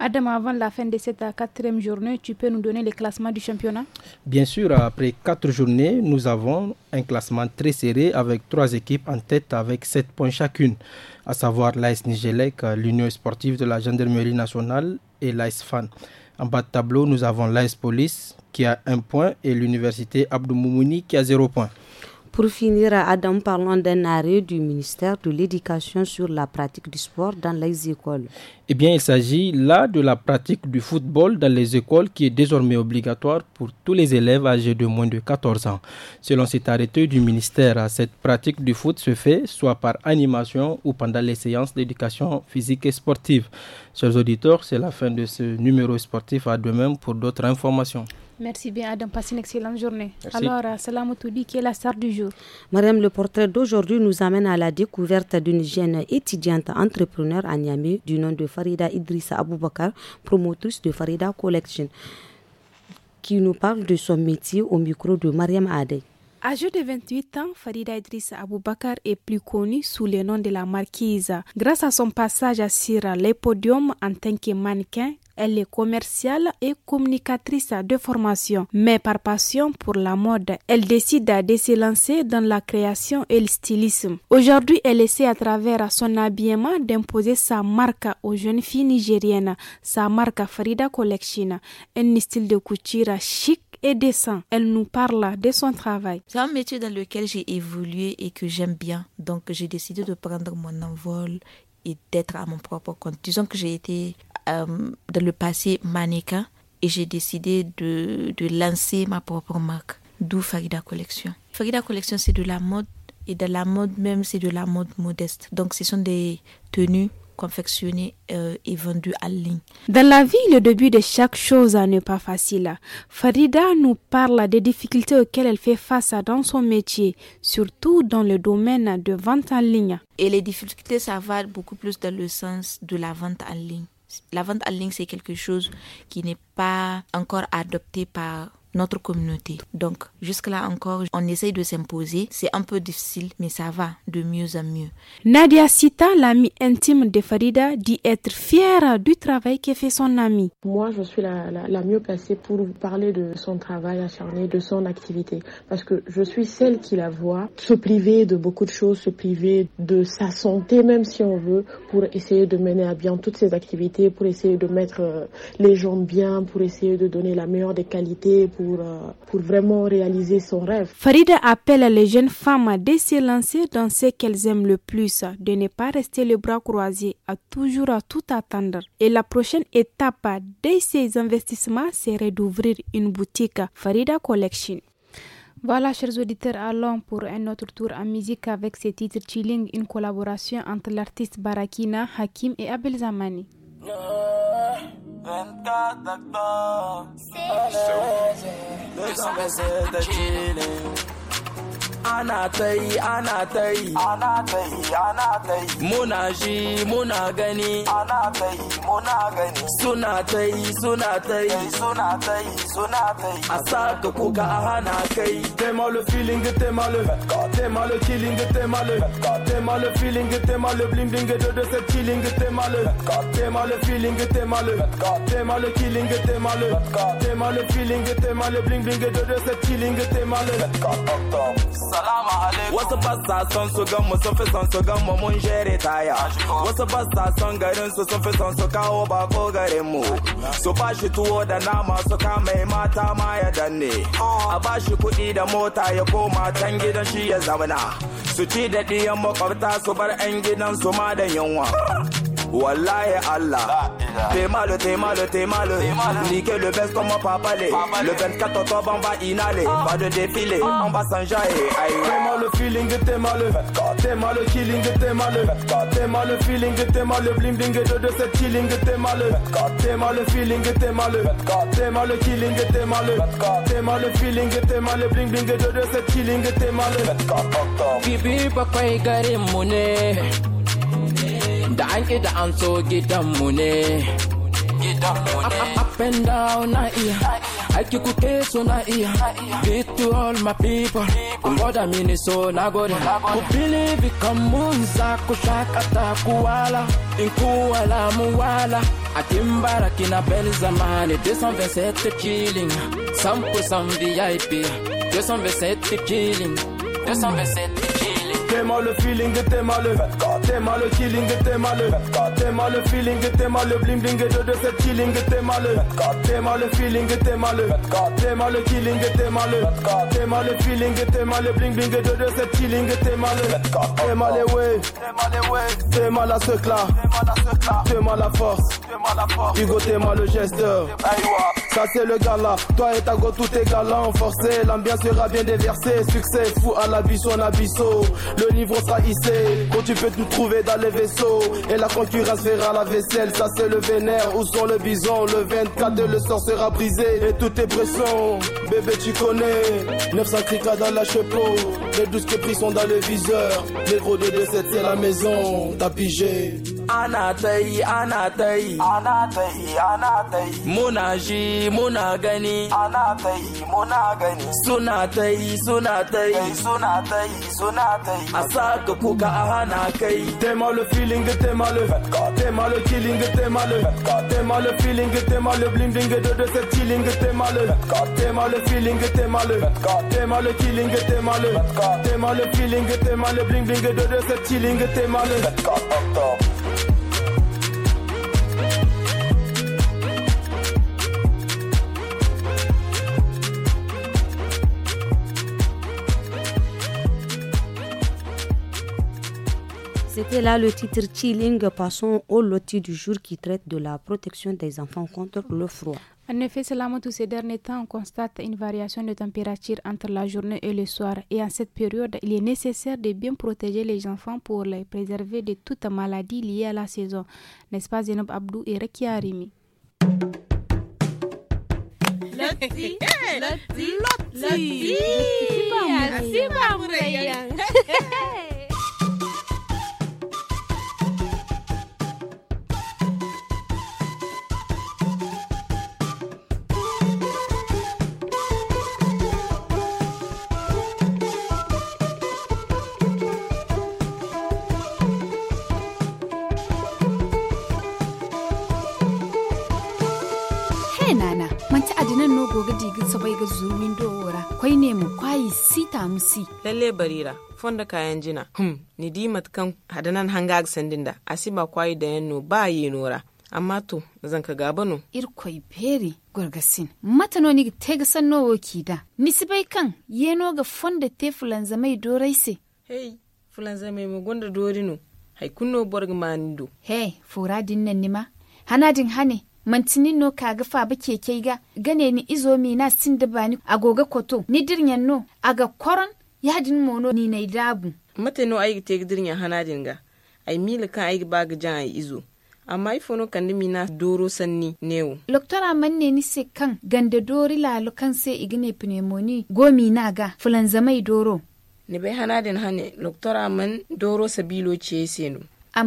Adam, avant la fin de cette euh, quatrième journée, tu peux nous donner le classement du championnat Bien sûr, après quatre journées, nous avons un classement très serré avec trois équipes en tête avec sept points chacune, à savoir l'AS Nigelec, euh, l'Union sportive de la Gendarmerie nationale et l'AS Fan. En bas de tableau, nous avons l'AS Police qui a un point et l'Université Abdou Moumouni qui a zéro point. Pour finir, Adam, parlons d'un arrêt du ministère de l'Éducation sur la pratique du sport dans les écoles. Eh bien, il s'agit là de la pratique du football dans les écoles qui est désormais obligatoire pour tous les élèves âgés de moins de 14 ans. Selon cet arrêté du ministère, cette pratique du foot se fait soit par animation ou pendant les séances d'éducation physique et sportive. Chers auditeurs, c'est la fin de ce numéro sportif. À demain pour d'autres informations. Merci bien, Adam. Passez une excellente journée. Alors, euh, Salam qui est la star du jour Mariam, le portrait d'aujourd'hui nous amène à la découverte d'une jeune étudiante entrepreneur à Niamey du nom de Farida Idrissa Aboubakar, promotrice de Farida Collection, qui nous parle de son métier au micro de Mariam À Âgée de 28 ans, Farida Idrissa Aboubakar est plus connue sous le nom de la marquise. Grâce à son passage à Sira, les podiums en tant que mannequin, elle est commerciale et communicatrice de formation, mais par passion pour la mode, elle décide de se lancer dans la création et le stylisme. Aujourd'hui, elle essaie à travers son habillement d'imposer sa marque aux jeunes filles nigériennes, sa marque Farida Collection, un style de couture chic et décent. Elle nous parle de son travail. C'est un métier dans lequel j'ai évolué et que j'aime bien, donc j'ai décidé de prendre mon envol et d'être à mon propre compte. Disons que j'ai été euh, dans le passé mannequin et j'ai décidé de, de, lancer ma propre marque, d'où Farida Collection. Farida Collection, c'est de la mode et de la mode même, c'est de la mode modeste. Donc ce sont des tenues confectionnées euh, et vendues en ligne. Dans la vie, le début de chaque chose n'est pas facile. Farida nous parle des difficultés auxquelles elle fait face dans son métier, surtout dans le domaine de vente en ligne. Et les difficultés, ça va beaucoup plus dans le sens de la vente en ligne la vente en ligne, c'est quelque chose qui n'est pas encore adopté par notre communauté. Donc jusque-là encore, on essaye de s'imposer. C'est un peu difficile, mais ça va de mieux en mieux. Nadia Sita, l'amie intime de Farida, dit être fière du travail qu'a fait son amie. Moi, je suis la, la mieux placée pour vous parler de son travail acharné, de son activité, parce que je suis celle qui la voit se priver de beaucoup de choses, se priver de sa santé, même si on veut, pour essayer de mener à bien toutes ses activités, pour essayer de mettre euh, les gens bien, pour essayer de donner la meilleure des qualités, pour euh, pour, vraiment réaliser son rêve. Farida appelle les jeunes femmes à se lancer dans ce qu'elles aiment le plus, de ne pas rester les bras croisés, à toujours tout attendre. Et la prochaine étape de ces investissements serait d'ouvrir une boutique Farida Collection. Voilà, chers auditeurs, allons pour un autre tour en musique avec ce titre Chilling, une collaboration entre l'artiste Barakina, Hakim et Abel Zamani. Ah. Venta d'acteur. Deux cents baisers de chilling. Ana ta yi, ana ta yi. Ana ta yi, ana ta yi. Muna ji, muna kuka hana kai. Tema le feeling, tema le. Tema le killing, tema le. Tema le feeling, tema le bling bling de de cette killing, tema le. Tema le feeling, tema le. mal le killing, mal le mal le feeling, mal le bling bling De deux c'est killing, mal le Salam alaikum Wasu basta son so gan mu sun fi son su gan mu mun jere taya Wasu basta son garin su sun fi son su kawo bako garin mu Su bashi tuwo da nama su kama mata ma ya danne A bashi kudi da mota ya koma tan gidan shi ya zamana Su ci da ɗiyan makwabta su bar 'yan gidan su ma da yunwa et Allah. T'es mal, t'es mal, t'es mal. Niquer le best comme pas parler. Le 24 octobre, on va inhaler. Pas ah. de défilé, ah. on va s'enjailler. T'es mal le feeling, t'es mal. T'es mal le killing, t'es mal. T'es mal le feeling, t'es mal. Le bling bling de cette killing, t'es mal. T'es mal le feeling, t'es mal. T'es mal le killing, t'es mal. T'es mal le feeling, t'es mal. Le bling bling de cette killing, t'es mal. Bibi, papa, il gare mon da an get the money. Get the money. up and down na I keep kuke so I iya beat to all my people kun bada mini so na gode believe it mun za ku shakata ku wala in ku wala mu wala a timbara kina bel zamani 227 killing sample sam vip 227 killing 227 T'es mal le feeling, t'es mal le T'es mal le killing, t'es mal le T'es mal le feeling, t'es mal le bling bling de de cette killing, t'es mal le T'es mal le feeling, t'es mal le T'es mal le killing, t'es mal le T'es mal le feeling, t'es mal le bling bling de de cette killing, t'es mal le T'es mal les eh way T'es mal à ce la T'es mal à force Hugo t'es mal le gesteur Ça c'est le gala Toi et ta go tout est galant Forcé, l'ambiance sera bien déversée Succès fou à la son abisso le livre sera hissé, quand tu peux tout trouver dans les vaisseaux. Et la concurrence verra la vaisselle, ça c'est le vénère. Où sont le bison Le 24 de le sort sera brisé. Et tout est pressant, bébé tu connais. 900 cricas dans la chapeau, les 12 que sont dans le viseur. Les gros de 2 c'est la maison, t'as pigé. Anatei, Anatei, Anatei, Anatei. Monaji, Monagani, Anatei, Monagani, Sunatai, Sunatai, Sunatai, Sunatai. a kuka a kai tema le feeling tema le tema le killing tema le tema le feeling tema le blinding de de cette chilling tema le tema le feeling tema le tema le killing tema le tema le feeling tema le bling bling de de cette chilling tema le C'est là le titre Chilling. Passons au loti du jour qui traite de la protection des enfants contre le froid. En effet, cela tous ces derniers temps, on constate une variation de température entre la journée et le soir. Et en cette période, il est nécessaire de bien protéger les enfants pour les préserver de toute maladie liée à la saison. N'est-ce pas, Zenob Abdou et Rekia Arimi? dinan no goga digi sabai ga zurumin dora kwai ne mu kwayi sita musi lalle barira fonda kayan jina hum ni di matkan hadanan hanga sandinda. asi asiba kwai da yanno ba yi nora amma to zan ka gaba no kwai beri gorgasin mata no ni te ga san da nisibai kan yeno ga fonda te fulan zamai dorai se hey fulan zamai mu gonda dorino hay kunno borg hey fura dinnan nima hanadin hane mantinin no kaga fa ba keke ga gane ni izo mi na sindibani agoga koto ni dirnyan no aga koron yadin mono ni nai dabu mate no ayi te dirnyan hanadin ga ai mili kan ayi ba ga jan ai izo amma fono kan ni na. doro sanni new doktora manne ni se kan ganda dori lalo kan se igine pneumonia gomi na ga fulan zamai doro ne bai hanadin hane doktora man doro sabilo ce senu a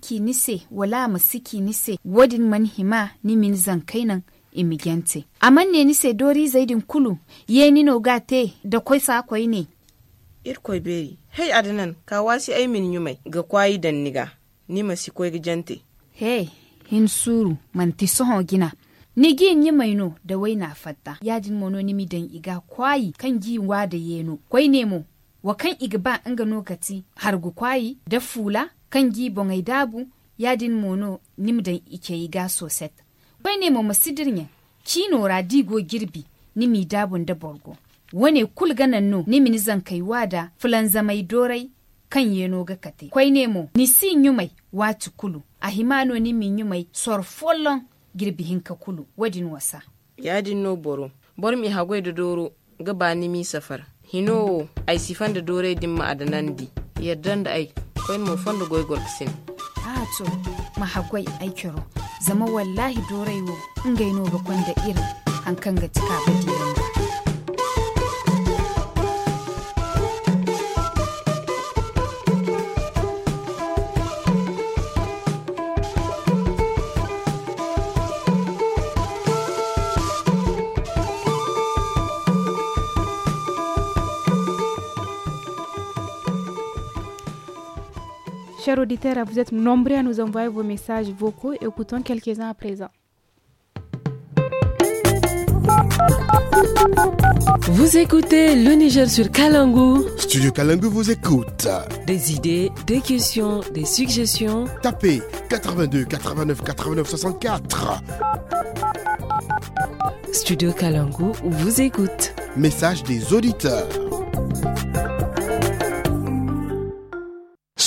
ki nise wala masikinise wadin manhima nimin zankainan imigente manne nise dori zaidin kulu yeni no gate da kwai sakwai ne irkoi beri hei adinan ka ai min yumai ga kwayi dan niga ni masi kwai gijente. hei hin suru manti soho gina ni giyin yi maino da wai na fatta yadin mono nimi dan iga kwayi kan giwa da yeno kwai nemo wa kan igba an gano gati hargu kwayi da fula kan gi bongai dabu yadin mono nimdan ike yi gaso set. Bai ne mu sidirnya, kino radigo girbi nimi dabun da borgo. Wane kul ganan no nimi zan kai wada fulan zamai dorai kan yeno ga kate. Kwai ne mu nisi nyumai watu kulu, a himano nimi nyumai folon girbi hinka kulu wadin wasa. Yadin no boro, bor mi hagoi da doro gaba nimi safar. hino ai sifan da dorai din ma'adanandi, yaddan da ai akwai mo fondo goy gol kisin a to ma aikiro zama wallahi dorai in ngai da kwanda irin hankan ga cika ba Chers auditeurs, vous êtes nombreux à nous envoyer vos messages vocaux. Écoutons quelques-uns à présent. Vous écoutez le Niger sur Kalangu. Studio Kalangu vous écoute. Des idées, des questions, des suggestions. Tapez 82 89 89 64. Studio Kalangu vous écoute. Message des auditeurs.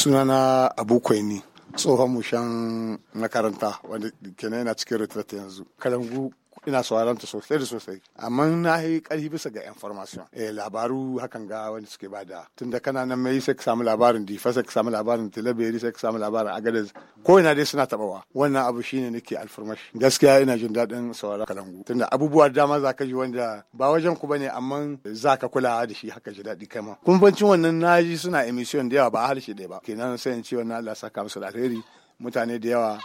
sunana abu kwaini tsohon mushan makaranta wanda kenan yana cikin retret yanzu kalangu ina sauraron ta sosai da sosai amma na yi karfi bisa ga information eh labaru hakan ga wani suke bada tunda kana nan mai sai ka samu labarin difa sai ka samu labarin tilaberi sai ka samu labarin agadez ko ina dai suna tabawa wannan abu shine nake alfarmashi gaskiya ina jin daɗin sauraron kalangu tunda abubuwa dama za ka ji wanda ba wajen ku bane amma za ka kula da shi haka ji daɗi kai ma kuma bancin wannan naji suna emission da yawa ba harshe ɗaya ba kenan sai in ce wannan Allah saka musu alheri mutane da yawa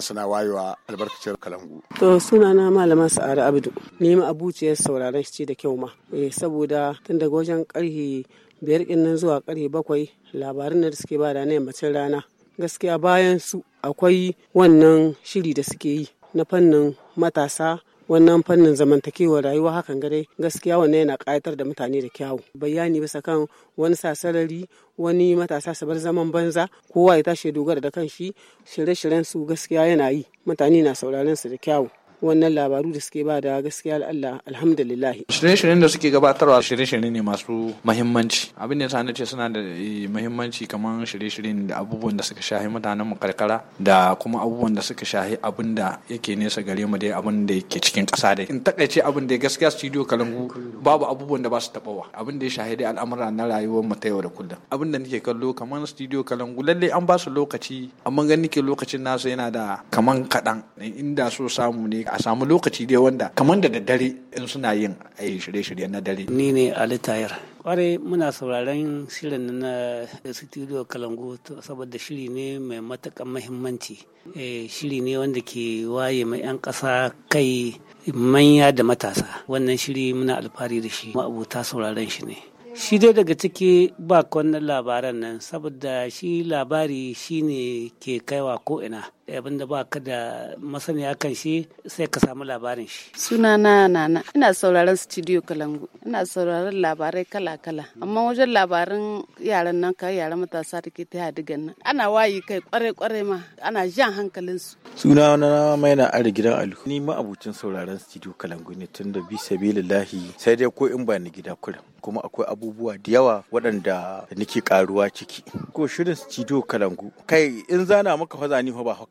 suna wayewa albarkacin kalangu. To suna na malama sa'ada abdu nema abuciyar sauraron shi da kyau ma eh, saboda tun daga wajen karhe biyar nan zuwa karhe bakwai labarin da suke ba da na yammacin rana gaskiya bayan su akwai wannan shiri da suke yi na fannin matasa wannan fannin zamantakewar rayuwa hakan ga gaskiya wannan yana ƙayatar da mutane da kyawu bayani bisa kan wani sasarari wani matasa su bar zaman banza kowa ya tashi dogara da kan shi shirye-shiryen su gaskiya yana yi mutane na sauraren su da kyawu wannan labaru da suke ba da gaskiya Allah alhamdulillah shirye-shiryen da suke gabatarwa shirye-shirye ne masu Muhimmanci abin da yasa na ce suna da eh, muhimmanci kamar shirye-shiryen da abubuwan da suka shahi mutanen mu karkara da kuma abubuwan da suka shahi abin da yake nesa gare mu dai abin da yake cikin ƙasa dai in takaice abin da gaskiya studio kalangu babu abubuwan da ba su tabawa abin da ya shahi dai al'amura na rayuwar mu ta yau da kullum abin da nake kallo kamar studio kalangu lalle an ba su lokaci amma ganin ke lokacin nasu yana da kaman kaɗan inda so samu ne a samu lokaci dai wanda kamar da daddare in suna yin eh, shirye-shirye na dare ni ne ali tayar kwarai muna sauraron shirin na studio kalangu saboda shiri ne mai matakan mahimmanci eh, shiri ne wanda ke waye mai 'yan ƙasa kai manya da matasa wannan shiri muna alfahari da shi ma'abuta sauraron shi ne shi dai daga ciki ba kwanan labaran nan saboda shi labari shi ne ke kaiwa ko'ina Eh, abin da ba ka da masaniya kan shi sai ka samu labarin shi. Suna na nana ina sauraron studio Kalangu ina sauraron labarai kala-kala amma wajen labarin yaran nan ka yaran matasa da ke ta digan nan ana wayi kai kware-kware ma ana jan hankalin su. na mai na ari gidan alu ni ma'abucin sauraron studio Kalangu ne tunda da bi sabilillahi sai dai ko in ba ni gida kuram kuma akwai abubuwa da yawa waɗanda nake karuwa ciki. Ko shirin studio Kalangu kai in zana maka fa ni fa ba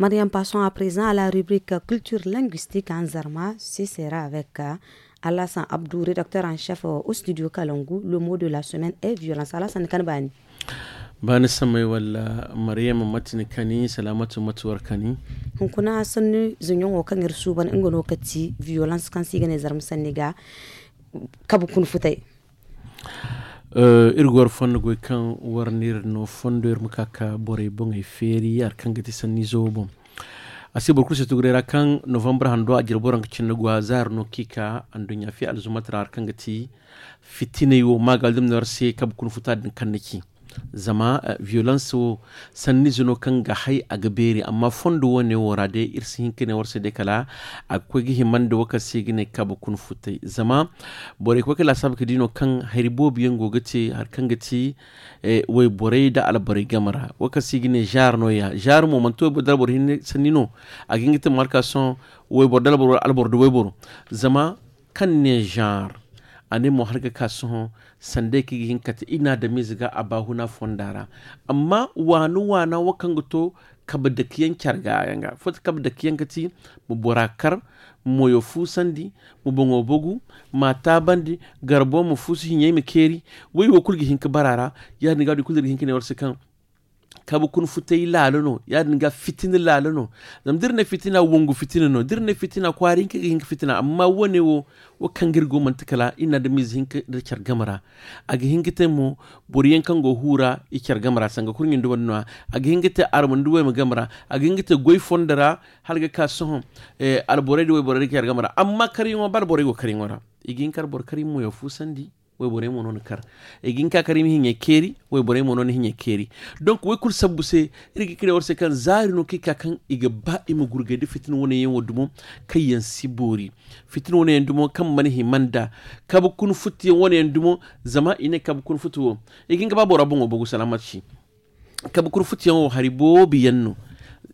Mariam, passons à présent à la rubrique culture linguistique en Zarma. Ce sera avec euh, Alassane Abdou, rédacteur en chef euh, au studio Kalongo. Le mot de la semaine est violence. Alassane Kanbani. bani samai wala maryama matini kani salamatu matuwar kani hunkuna sannu zunyon wa kan irsu ban ingo lokaci violence kan sigane Zarma, sanniga kabu kun futai Eh, irgowar fondo kan warnir no fondoyer mo kaka boray bon e feeri ar kangati san zo bo asi bor kurse ra kan novembre han a jir boran kicin gwa hazar no kika andu al zumatra ar kangati fitine yo magal dum norse kab kun futa din kanniki zama uh, violence san sanni zino kan ga hai a gaberi amma fondo wone wara de irsi hinkine warse de kala akwai gihi man da waka sigine kaba kun futai zama bore kwa kala sabka dino kan haribo biyan ce har kan gaci eh, wai bore da albari gamara waka sigine jar no ya jar mo man to bodal bor hinne sanino a gingita markason wai bor dal bor albor do wai bor zama kan ne jar ane mo har ga kasu sande ki kata ina da miziga a bahuna fondara amma wani wana wakan gato kaba da kiyan kyarga yanga fata kaba da kiyan kati mu borakar mu yo sandi mu bongo ma mata bandi garbo mu fusu hinye mu keri wai wa kulgi ka barara ya ni gadi kulgi hinka ne warsu kan kun futai lalo no ya dinga fitin lalano no zam dirne fitina wongu fitina no dirne fitina kwari hinka hinka fitina amma wone wo wo kangir go mantakala ina da miz hinka da char gamara aga hinka te mo boriyen kango hura i char gamara sanga kurni ndo wanno aga hinka te armo ndo ma gamara aga hinka te goy fondara halga ka sohon eh al borai do borai char gamara amma kari mo bar borai go kari ngora igin kar bor kari mo yo fusandi way bore mo non kar e gin ka karim hinya keri way bore mo non hinya keri donc way kul sabbu se irgi kire orse kan zari no kika kan iga ba imu gurge de fitin woni yen wodumo kayan sibori fitin woni yen dumo kan mani himanda kabu kun futti woni yen dumo zama ine kabu kun futuwo e gin ka ba bora bongo bogu salamat shi kabu kun futti woni haribo biyanno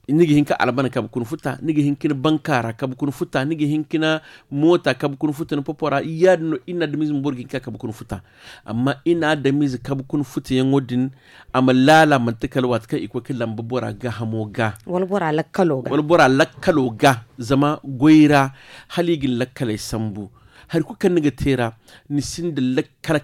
nigi hinka albana kabu futa nigi bankara kabu mota kabu popora yadno ina da mburgi burgin ka kabu futa amma ina da mizi kabu kun futa ga walbora walbora zama goira Haligil Lakale sambu Har harkukan niga tera nisin da lakkar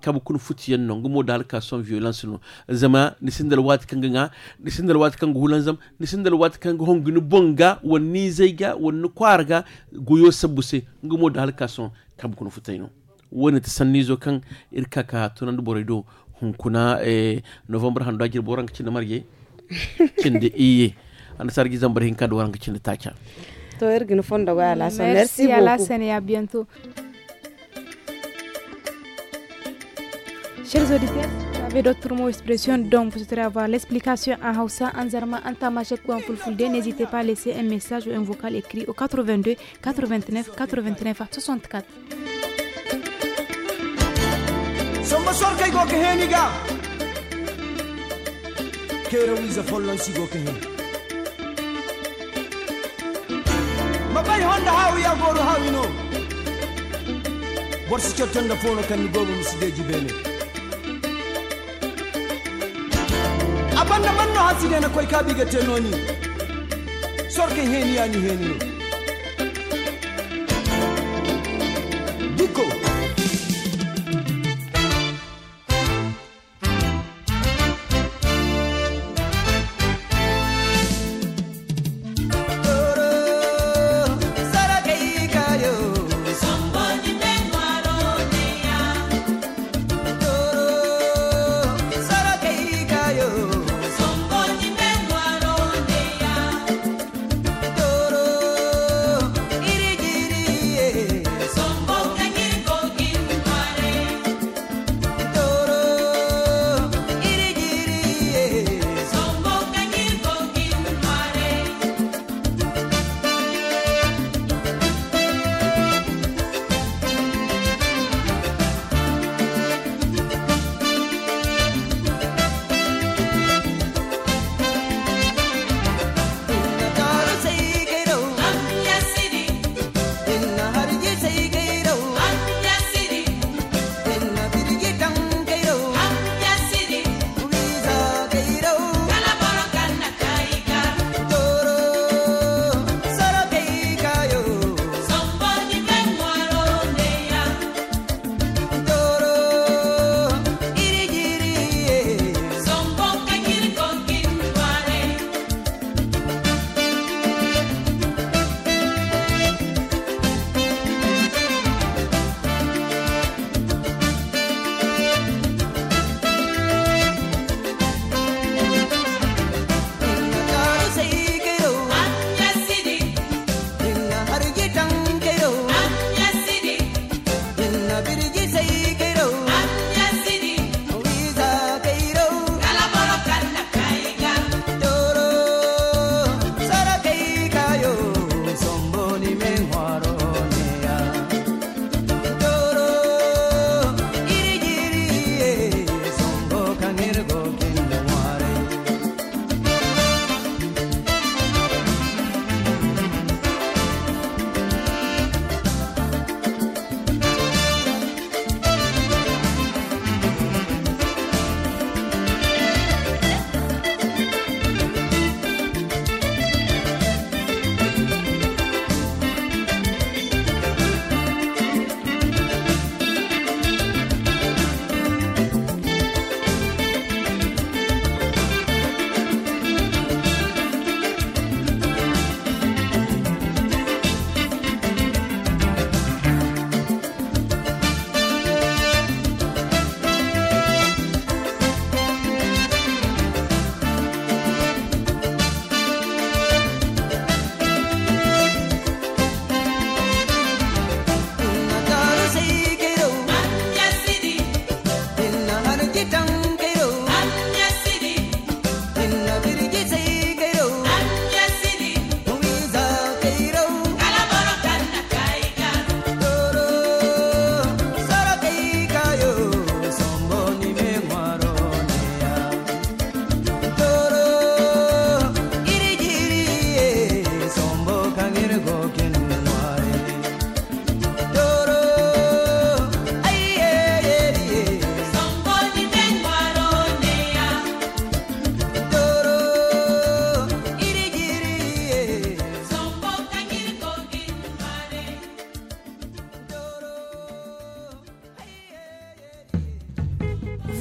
ka bu kun yan non gumo da ka son violence no zama nisin da wat kan ganga nisin da wat kan gulan zam nisin da wat kan go hongu bonga wani zai ga wani kwarga goyo sabuse gumo da ka son bu kun no wani ta sanni zo kan irka ka tunan boredo hunkuna eh, november han agir boran kacin da marge kin da iye an sargi zan bar ka da warang kacin da tacha Mm, merci, Merci à Alassane et à bientôt. Chers auditeurs, vous avez d'autres mots expressions dont vous souhaitez avoir l'explication en Hausa, en Zarma, en Tamashek ou en Fulfulde. N'hésitez pas à laisser un message ou un vocal écrit au 82 89 89 64. ma ɓay honda haw ya gooro hawino worso cottonda fof no kanni goomu musideji bene a banda manno hasidena koye kaaɓigatenooni sorke heeni yani heenino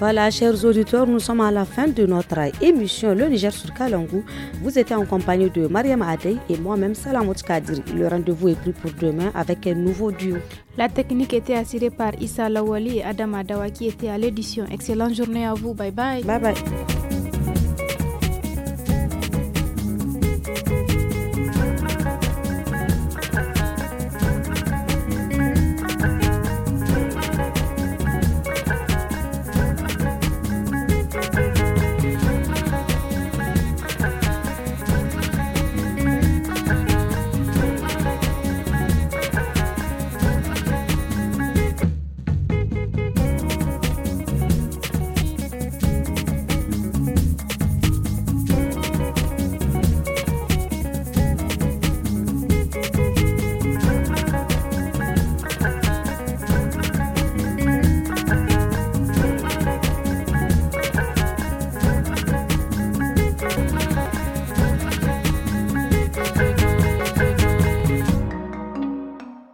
Voilà, chers auditeurs, nous sommes à la fin de notre émission Le Niger sur Kalangou. Vous étiez en compagnie de Mariam Adey et moi-même Salamot Kadiri. Le rendez-vous est pris pour demain avec un nouveau duo. La technique était assurée par Issa Lawali et Adam Adawa qui étaient à l'édition. Excellente journée à vous. Bye bye. Bye bye.